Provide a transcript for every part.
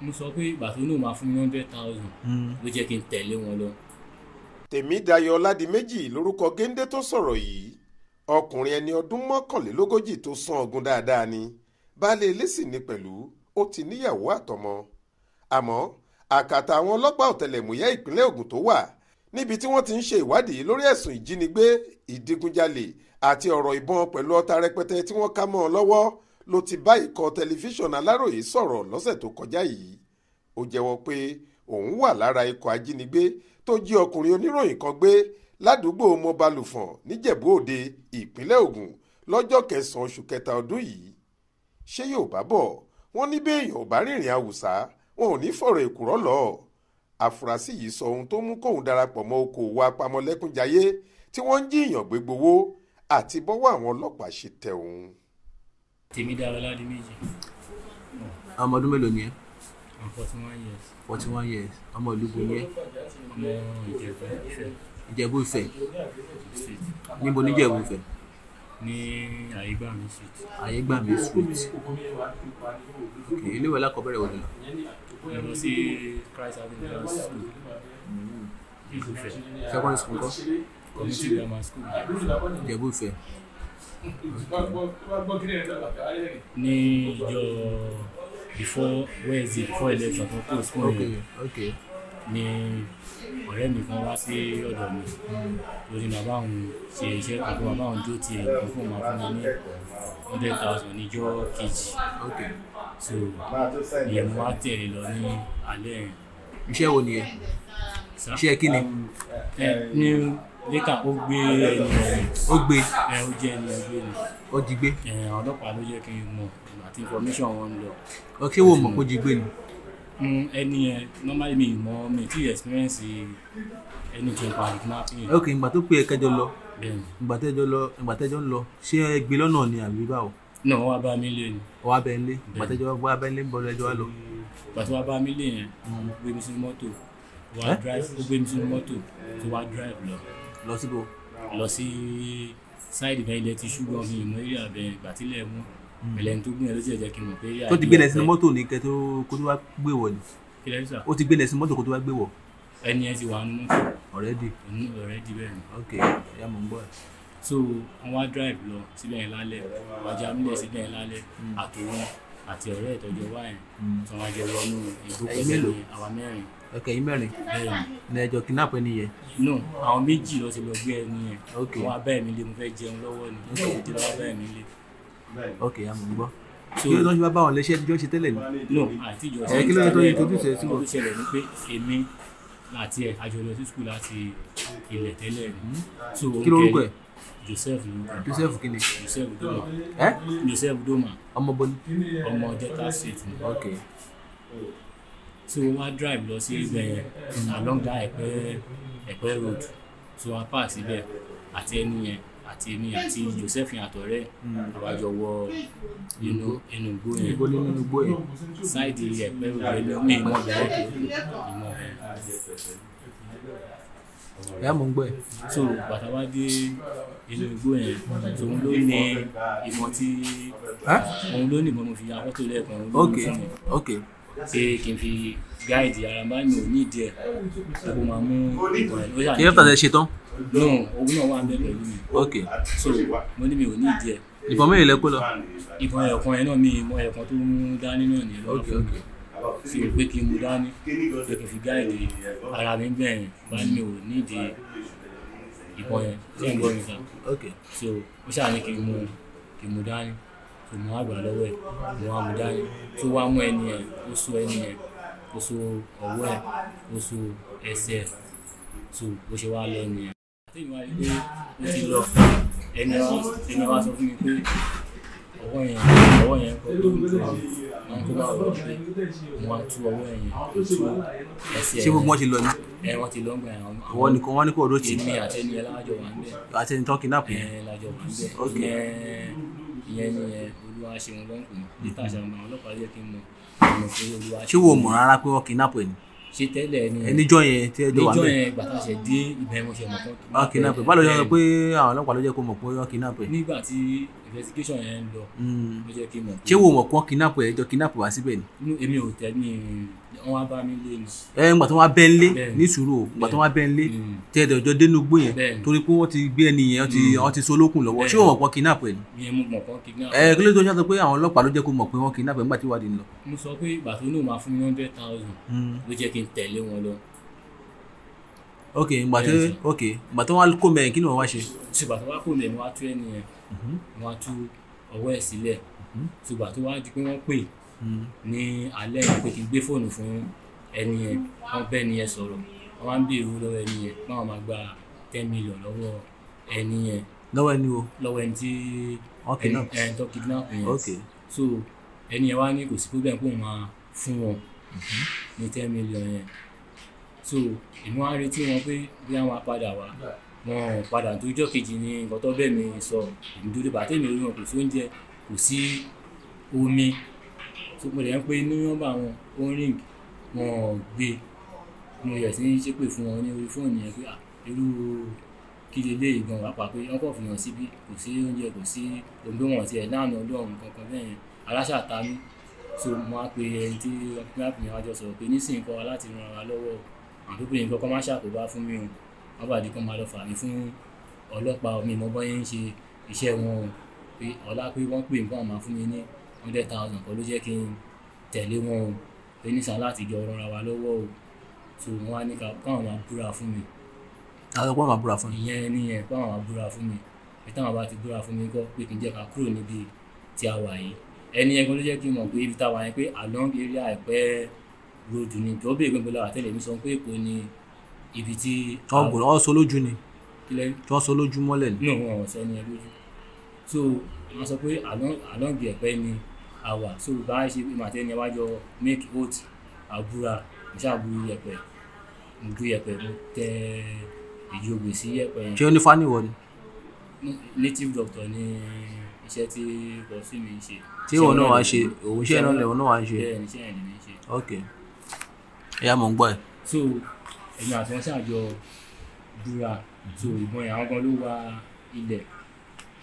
mo sọ pé ìgbà tó náà máa fún mi ní hundred thousand ló hmm. jẹ́ kí n tẹ̀lé wọn lọ. Tèmídayọ̀ Ọládìméjì lórúkọ géńdé tó sọ̀rọ̀ yìí ọkùnrin ẹni ọdún mọ́kànlélógójì tó sán ọgùn dáadáa ni baálé ilé sì ní pẹ̀lú ó ti níyàwó àtọmọ àmọ́ àkàtà àwọn ọlọ́pàá ọ̀tẹlẹ̀múyẹ́ ìpínlẹ̀ Ògùn tó wà níbi tí wọ́n ti ń ṣe ìwádìí lórí ẹ̀sùn ìjínigbé ìdigunjalè àti ọ̀rọ̀ ìbọn pẹ̀lú ọta rẹpẹtẹ tí wọ́n ká mọ́ ọ lọ́wọ́ ló ti bá ikọ̀ tẹlifíṣàn aláròye sọ̀rọ̀ lọ́sẹ̀ tó kọjá yìí ó jẹ́wọ́ pé òun wà lára ikọ̀ ajínigbé tó jí ọkùnrin oníròyìn kan gbé ládùúgbò mọbalùfọ̀n níjẹ̀bú òde ìpínlẹ̀ Ògùn lọ́jọ́ kẹsàn-án oṣù kẹta ọdún yìí ṣé Yorùbá bọ̀ wọ́n ní béèyàn ò bá rìnrìn àwùsá wọn ò ní fọ̀rọ̀ èkùrọ́ lọ àfúrásì yìí sọ ohun tó mú kóun darapọ̀ mọ́ okòòwò apamọ́lẹ́kúnjayé tí wọ́n ń jíìyàn gbégbówó àti bọ́wọ́ àwọn ọlọ́pàá ṣe tẹ̀ òun tèmi dára ládé méjì. ọmọ ọdún mélòó ni ẹ. i'm forty one years. forty one years ọmọ ìlú bo ni ẹ. ọmọ ìjẹ̀bú ìfẹ́. ìjẹ̀bú ìfẹ́. níbo ní ìjẹ̀bú ìfẹ́. ní àyégbàmí street. àyégbàmí street. ok ilé ìwé alákọ̀ọ́bẹ̀rẹ̀ wo ni lọ. mo lọ sí christ avenue girls school. ìjẹ̀bú ìfẹ́. secondary school kọ́. community grammar school. ìjẹ̀bú ìfẹ́ ní ìjọ before wednesday before election tó kó sùn yẹn ni ọ̀rẹ́ mi kan wá sí ọ̀dọ̀ mi lórí bàbá òun ṣe iṣẹ́ kan fún bàbá òun tó tiẹ̀ kan fún màá fún mi ní hundred thousand níjọ́ kejì so ìyẹn mo wá tẹ̀lé lọ ní alẹ́ yẹn. iṣẹ́ wo nìyẹn iṣẹ́ kí ni. Um, létà ó gbé ẹni ọ̀rẹ́ ó gbé ẹ ó jẹ ẹni ọgbẹ́ ni. ó jí gbé. ẹ àwọn ló jẹ́ kí n mọ̀ àti information wọn lọ. ọ kí wò mọ̀ kó jí gbé ni. Hmm, ẹni yẹn normally mi mọ mi ti experience ẹni tó pa kidnapping. ok ìgbà tó pé ẹ kẹjọ lọ ìgbà tẹjọ lọ ìgbà tẹjọ lọ ṣé ẹ gbé lọ́nà ni àbí báwo. náà wọ́n wá bá mi lé ni. wọ́n wá bẹ ń lé ìgbà tẹjọ wá bẹ ń lé ń bọ́ lẹ́jọ́ wá lọ. ìgbà tó wá bá mi lé yẹn hmm. gbé mi sínú mọ́tò wá drive ó gbé mi sínú mọ́tò tó wá drive lọ lọ síbo lọ sí sáìdì bẹ́ẹ̀ ilẹ̀ ti ṣúgbọ́n mi ìmọ̀ eré àbẹ̀ ìgbà tílẹ̀ mú ẹlẹ́ni hmm. tó gbìyànjú sí ẹ̀jẹ̀ kí n mọ̀ pé. tó ti gbélé sí mọ́tò ní kẹ́ tó kó tó wá gbé wọ̀ ni. ó ti gbélé sí mọ́tò kó tó wá gbé wọ̀. ẹni ẹ ti wà nínú mọ́tò. already. already bẹ́ẹ̀ ni. ok ẹ̀yà mọ̀ ń bọ̀ so wọn wá drive lọ síbẹ̀ yẹn lálẹ́ wájà mílẹ̀ síbẹ̀ yẹn lálẹ́ hmm. àtòwọn àti ọ̀rẹ́ ìtọ́jú wáyẹn hmm. tí wọ́n jẹ lọ́nù ìdókòwò àwa mẹ́rin ok mẹ́rin ní ẹjọ́ kidnap ẹni yẹn. no àwọn méjì ló ti lọ gbé ẹni yẹn wọn abẹ́ mi lé mo fẹ́ jẹun lọ́wọ́ ni mo sì ti lọ́wọ́ abẹ́ mi lé. ok àmọ̀ ń gbọ́ kí ló ń ṣe bá bá wọn lẹ́sẹ̀ ẹjọ́ ṣe tẹ́lẹ̀ ni. no àti ìjọ ṣe kí ló ń tó yẹn tójú ṣe sí wọn. ìṣẹ̀lẹ̀ ni pé èmi àti ẹ̀ àjọ lọ sí skul láti ilẹ̀ tẹ́lẹ̀ ni. Hmm? kí ló ń pẹ́ joseph lorúkọ joseph kini joseph doma ẹ joseph doma ọmọ bọni ọmọ delta state ni. ok so wọ́n wá drive lọ sí ibẹ̀ mm, along that ẹ̀pẹ́ ẹ̀pẹ́ road so wọ́n pass ibẹ̀ àti ẹni yẹn àti èmi àti Josephine àtọ̀rẹ́ àwájọ mm. wọ inú inú igbó yẹn igbó nínú igbó yẹn ṣáìdì ẹ̀pẹ́ road yẹn mi ìmọ̀ bẹ̀rẹ̀ ìmọ̀ ìyá mò ń gbọ́ ẹ̀. so bàtà wá dé inú igbó yẹn òun ló ní ìmọ̀ tí òun ló ní ìbọn mo fi akọ́tò lẹ́ẹ̀kan òun ló pé kí n fi gáìdì ara bá mi ò ní ìdí ẹ̀ pé kó máa mú ìtàn ẹ̀ lóyà ní. kí ló tàbí ẹ ṣe tán. no ogun náà wà ń bẹ pẹ̀lú mi. ok so mo ní mi ò ní ìdí ẹ̀. ìbọn mẹ́rin lẹ kó lọ. ìbọn ẹ̀kan ẹ̀ náà mi ìmọ̀ ẹ̀kan tó mú dání náà ní lọ́wọ́ fún mi fi pé kí n mú dání pé kí n fi gáìdì ara mi bẹ̀rẹ̀ bá mi ò ní ìdí ìbọn yẹn tí ń gbọ́ mi sá. ok so ó ṣàní kí n mú kí n mú dání mo wá gbà lọ́wọ́ ẹ̀ mo wá mú dání tó wá mú ẹni ẹ̀ ó so ẹni ẹ̀ ó so ọwọ́ ẹ̀ ó so ẹsẹ̀ ẹ̀ tó bó ṣe wá lọ ẹni ẹ̀. àtẹ̀yìn wá rí pé ó ti lọ ẹni ẹni sọ fún mi pé ọwọ́ yẹn ọwọ́ yẹn kọ́ tó ń tu àwọn àwọn tó bá wọ̀ pé mo wá tú ọwọ́ yẹn tú ẹsẹ̀ ẹ̀ ṣé gbogbo wọn ti lọ ni. ẹ wọn ti lọ ń gbà yẹn àwọn wọn nìkan wọn ní kò ró tì. èmi àtẹni ẹ lájọ wà ń bẹ. ìyẹn ni ẹ olúwa ṣeun ló ń pè é títà ṣàmà ọlọ́pàá jẹ́ kí n mọ ọmọ pé olúwa ṣeun. ṣé wo mọ̀ rárá pé wọ́n kidnap ẹ̀ ni. ṣé tẹ́lẹ̀ ni ẹ níjọ́ yẹn tí ẹ jọ wà bẹ́ẹ̀. níjọ́ yẹn gbàtà ṣe dé ibẹ̀ mo ṣe mọ̀ pé. wọ́n kidnap ẹ̀ báwo ló yẹ pé àwọn ọlọ́pàá ló jẹ́ kó mọ̀ pé wọ́n kidnap ẹ̀. nígbà tí investigation yẹn ń lọ hmm. ló jẹ́ kí n mọ̀ pé. ṣé wo mọ̀ pé wọ́n kidnap ẹ̀ jọ kidnap wá síbẹ̀ wọn bá mi lé ni. ẹ ń wọn bẹ ń lé ní sùúrù o gbà tó wọn bẹ ń lé tẹ ẹdọ ọjọ́ dénú gbó yẹn torí pé wọn ti gbé ẹni yẹn wọn hmm. ti so lókun lọ́wọ́ ṣé wọn mọ̀ kidnap ẹ ni. ìyẹn mo mọ̀ pọ́n kidnap. ẹ kí ló tó ń ṣàtọ pé àwọn ọlọ́pàá ló jẹ́ kó mọ̀ pé wọ́n kidnap ẹ nígbà tí wàdí ń lọ. mo sọ pé ìgbà tó ní fún mi hundred thousand hmm. ló jẹ́ kí n tẹ̀lé wọn lọ ok ìgbà ok ìgbà tó wá kó kí ni wọ́n wá ṣe. ṣùgbọ́n tó wá kó ní alẹ́ pé kí n gbé fóònù fún ẹni yẹn wọ́n bẹ́ẹ̀ ni yẹn sọ̀rọ̀ wọ́n máa ń béèrè owó lọ́wọ́ ẹni yẹn báwọn máa gba ten million lọ́wọ́ ẹni yẹn. lọ́wọ́ ẹni wo. lọ́wọ́ ẹni tí ẹni tó kidnap yẹn. ok so ẹni yẹn wá ní kò sí problem kó máa fún wọn ní ten million yẹn so èmi wá retí wọn pé bí àwọn apadà wá wọn padà tó jọ́ kejì ní nǹkan tó bẹ́ẹ̀ mi sọ èmi dúró bàtẹ́ wọn kò sí kò sí omi tó mo dẹ̀ ń pe ní nọ́mbà wọn ó ń ríǹgì wọn ò gbé mo yẹ̀ sí ń ṣépè fún wọn ní orí fóònù yẹn pé à irú kí leléyìí gan wà pàpé wọn kò fi hàn síbí kò sí oúnjẹ kò sí òǹdóhùn àti ẹ̀dáàna ọlọ́run kankan bẹ́ẹ̀ yẹn aláṣà ta mí so mo á pe ẹni tí láàpù yẹn wá jọ sọ̀rọ̀ pé nísìnyí kọ́ wa láti ran ara lọ́wọ́ àdúgbò yẹn kọ́kọ́ má ṣàkóbá fún mi o wọ́n bàdí kan máa lọ fà mí fún ọlọ́pàá mi mọ́ bọ́ yẹn ń ṣe iṣẹ́ wọn o pé ọlá pé wọ́n pè ń bọ́ àwọn máa fún mi ní hundred thousand kọ́ ló jẹ́ kí n tẹ̀lé wọn o pé nísà láti jọ rọra wa lọ́wọ́ o so wọ́n á ní ká káwọn máa búra fún mi. àwọn ọgbọ́n máa búra fún mi. ìyẹn nìyẹn káwọn máa búra fún mi pé táwọn bá ti búra fún mi kọ́ pé kí n jẹ́ ká kúrò níbi tí a wà yìí ẹni yẹn kan ló jẹ́ kí n mọ̀ pé ibi táwa yẹn pé along area ẹ̀pẹ́ road ni tó bèèrè gbogbo lára tẹ́lẹ̀ mi sọ pé èkó ni ibi tí. ọgbọ̀n ọ̀sọ́ lójú ni tí wọ́n sọ lójú mọ́lẹ̀ ni. ní òun ni àwà so bá ṣe pé màtẹ́ ni wájọ make oat àbúra mo ṣàbúrú yẹpẹ mo dú yẹpẹ mo tẹ ìjọgbè sí yẹpẹ yẹn. ṣé o ní fáníwọ ni. native doctor ni iṣẹ́ tí bọ̀sí mi ń ṣe. tí òun náà wá ṣe òun iṣẹ́ náà lẹ́wọ̀n náà wá ṣe. bẹ́ẹ̀ ni iṣẹ́ yẹn lèmi ń ṣe. ok ẹ̀yà mò ń gbọ́ ẹ̀. so èmi àti wọn ṣàjọ búra so ìbọn yẹn àwọn gan ló wà ilẹ̀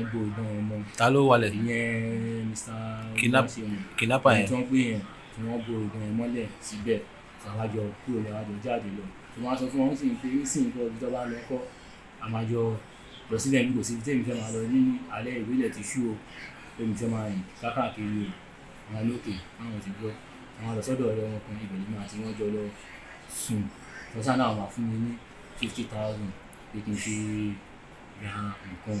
ẹgbẹ́ ìdán ọmọ. ta ló wálẹ̀. ìyẹn mr kidnapper yẹn. ìtàn pé yẹn tí wọ́n bo ìdán yẹn mọ́lẹ̀ síbẹ̀ àwájọ kúrò ní àwájọ jáde lọ. tí wọ́n á sọ fún wọn sì ń pè é sì ń kọ́ ibi tó bá lọ kọ́ àmàjọ lọ sílẹ̀ nígbò sí tèmi fẹ́ máa lọ ní alẹ́ ìwélẹ̀ ti ṣú o tèmi fẹ́ máa rìn kákàkiri o àwọn lókè àwọn ti gbọ́ àwọn àlọ́sọ́dọ̀ ọ̀rẹ́ wọn kan ibẹ̀ nínú àti wọ́n jọ lọ sùn lọ́sàn-án náà wà fún mi ní fifty thousand pé kí nǹkan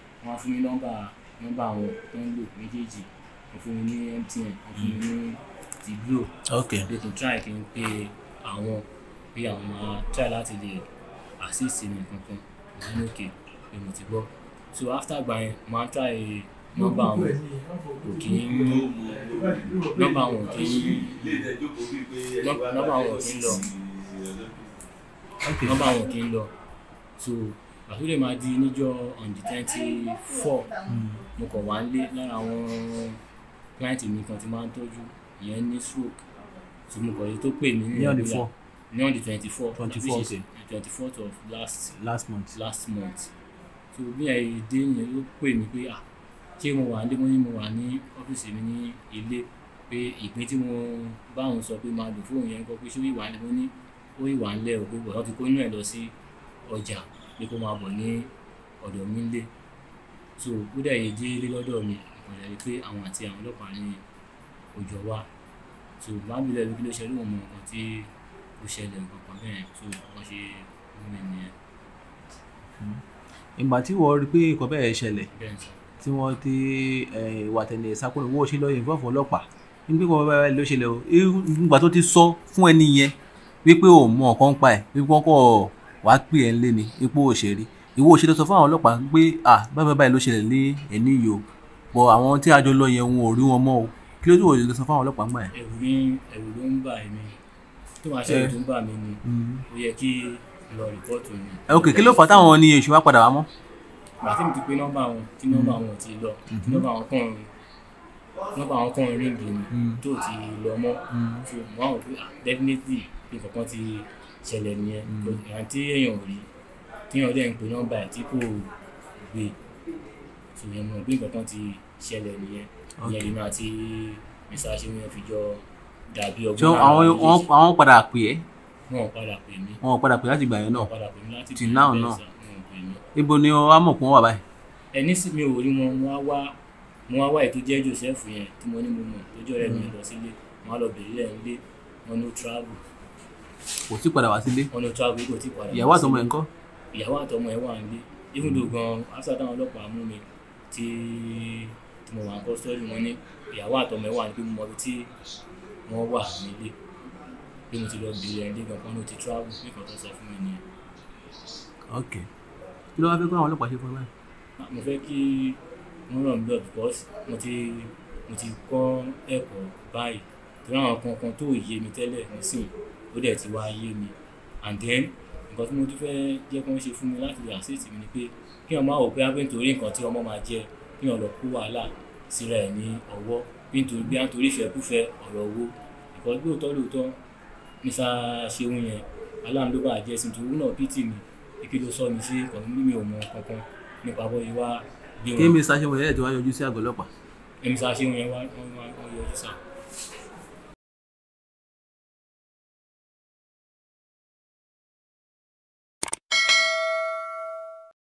wọ́n á fún mi nọ́mbà nọ́mbà àwọn tó ń lò méjèèjì wọ́n fún mi ní MTN wọ́n fún mi ní ti Glo lè tún try kí n pe àwọn bí àwọn máa try láti lè assist mi kankan wọ́n ní òkè pé mo ti gbọ́ so after gba yẹn máa try nọ́mbà àwọn òkè nọ́mbà àwọn òkè nọ́mbà àwọn òkè lọ nọ́mbà àwọn òkè lọ so àbí lè máa di níjọ́ on the twenty four mo kàn wá lé lára àwọn client mi kan ti máa ń tọ́jú ìyẹn ní stroke tí mo kàn yí tó pè mí ní ọ̀dọ̀ four ní ọ̀dọ̀ twenty four twenty four okay twenty fourth of last last month last month so bí ẹ̀ dé yẹn ló pè mí pé ah ṣé mo wà nílé mo ní mo wà ní ọ́fíìsì mi ní ilé pé ìpín tí mo bá òun sọ pé máa lò fóun yẹn kọ pé ṣé ó ìwà nílé mo ní ó ìwà nílẹ̀ òpin pọ̀ wọ́n ti kó inú ẹ̀ lọ sí ọjà ní kó máa bọ̀ ní ọ̀dọ̀ mi lé so kó dẹ̀ yé délé lọ́dọ̀ mi ìpàdé rí pé àwọn àti àwọn ọlọ́pàá ní òjò wa so bá mi lẹ́nu kí ló ṣe lóun mọ nǹkan tí ó ṣẹlẹ̀ nǹkan bẹ́ẹ̀ so wọ́n ṣe mú nìyẹn. Hmm. ìgbà tí wọ́n rí pé nǹkan bẹ́ẹ̀ ṣẹlẹ̀ tí wọ́n ti ìwà tẹ̀lé ìsákòrò e owó ṣe lọ ìfọ̀fọ̀ ọlọ́pàá nígbà tí wọ́n ló ṣẹlẹ̀ o nígbà tó ti sọ fún ẹni yẹn wípé òun mọ nǹkan pa ẹ̀ wípé wọ́n kọ́ wàá pè ẹ́ lé ni ipò òṣèré ìwọ òṣèré sọ fún àwọn ọlọ́pàá pé à báyìí báyìí ló ṣẹlẹ̀ ní ẹ̀ní yìí o bọ̀ àwọn tí a jọ lọ yẹn wọn ò rí wọn mọ́ o kí ló dé òṣèré lọ sọ fún àwọn ọlọ́pàá ńgbà yẹn. ẹ̀rù ní ẹ̀rù ló ń bà mí tó máa ṣe ètò ń bà mí ni mm. ó yẹ kí lọ rìpọ́ọ̀tù mi. ok kí ló fà táwọn ní èṣù wá padà wá mọ́. màtí mi ti pé nọ́mbà wọn tí nọ́mbà wọn ti lọ tí mm-hmm. nọ́mbà wọn kàn ń nọ́mbà wọn kàn ń ríǹgì ni mm. tó ti lọ mọ́ ṣùgbọ́n mm. àwọn pé definitely nǹkan kan ti ṣẹlẹ̀ nìyẹn mm. ìran tí èèyàn ò rí téèyàn dẹ̀ ń pe nọ́mbà ẹ̀ tí kò gbé ṣùgbọ́n mo gbé nǹkan kan ti ṣẹlẹ̀ nìyẹn ìyẹn ìmọ̀ àti mr ṣéwìn fi jọ dàbí ọgbọ́n àwọn méjèèjì. àwọn padà pè é. wọn ò padà pè mí. wọn ò padà pè láti ìgbà yẹn náà tì náà náà ibo ni wọn á mọ̀ pé wọ́n wà báyìí. ẹ nísìnyí mi ò rí wọn wọn á wá mo wá wá ètò jẹ́ joseph yẹn tí mo ní mo mọ̀ lójú ọ̀rẹ́ mi lọ sílé wọn á lọ bèrè lẹ́yìn lé wọn ní ó travel kò tí padà wá sílé. ọ̀nà travel kò tí padà wá sílé. ìyàwó àtọmọ ẹ̀ ń kọ́. ìyàwó àtọmọ ẹ̀ wà ń gbé even though gan after táwọn ọlọ́pàá mú mi tí tí mo wà ń custody wọn ní ìyàwó àtọmọ ẹ̀ wà ń gbé mo mọ ibi tí wọ́n wà nílé bí mo ti lọ bí ẹni dé gan kan ló ti travel bí kan tó sọ fún mi nìyẹn. ok kí ló wá fẹ́ kó àwọn ọlọ́pàá ṣe fún ẹ báyìí. Ah, mo fẹ́ kí wọ́n ràn mí lọ ó dẹ̀ ti wá yé mi and then nǹkan tí mo tún fẹ́ jẹ́ kí wọ́n ṣe fún mi láti lè àṣẹ́sì mi ni pé kí wọ́n máa wò pé abẹ́ nítorí nǹkan tí ọmọ máa jẹ kí wọ́n lọ kó wàhálà síra ẹ̀ ní ọwọ́ nítorí bí a ìfẹ́kúfẹ́ ọ̀rọ̀ owó ìkọ́ lóòótọ́ lóòótọ́ nípa ṣeun yẹn aláàánú ló bá jẹ́ sí nítorí náà pìtì mi èké ló sọ mi sí ọ̀nà mímí ò kankan nípa bọ́ yìí wá gbé wọn. kí mr yẹn ẹ̀ tí yọjú sí àgọ́ ọlọ́pàá. mr ṣeun yẹn wá wọ́n yọjú sáà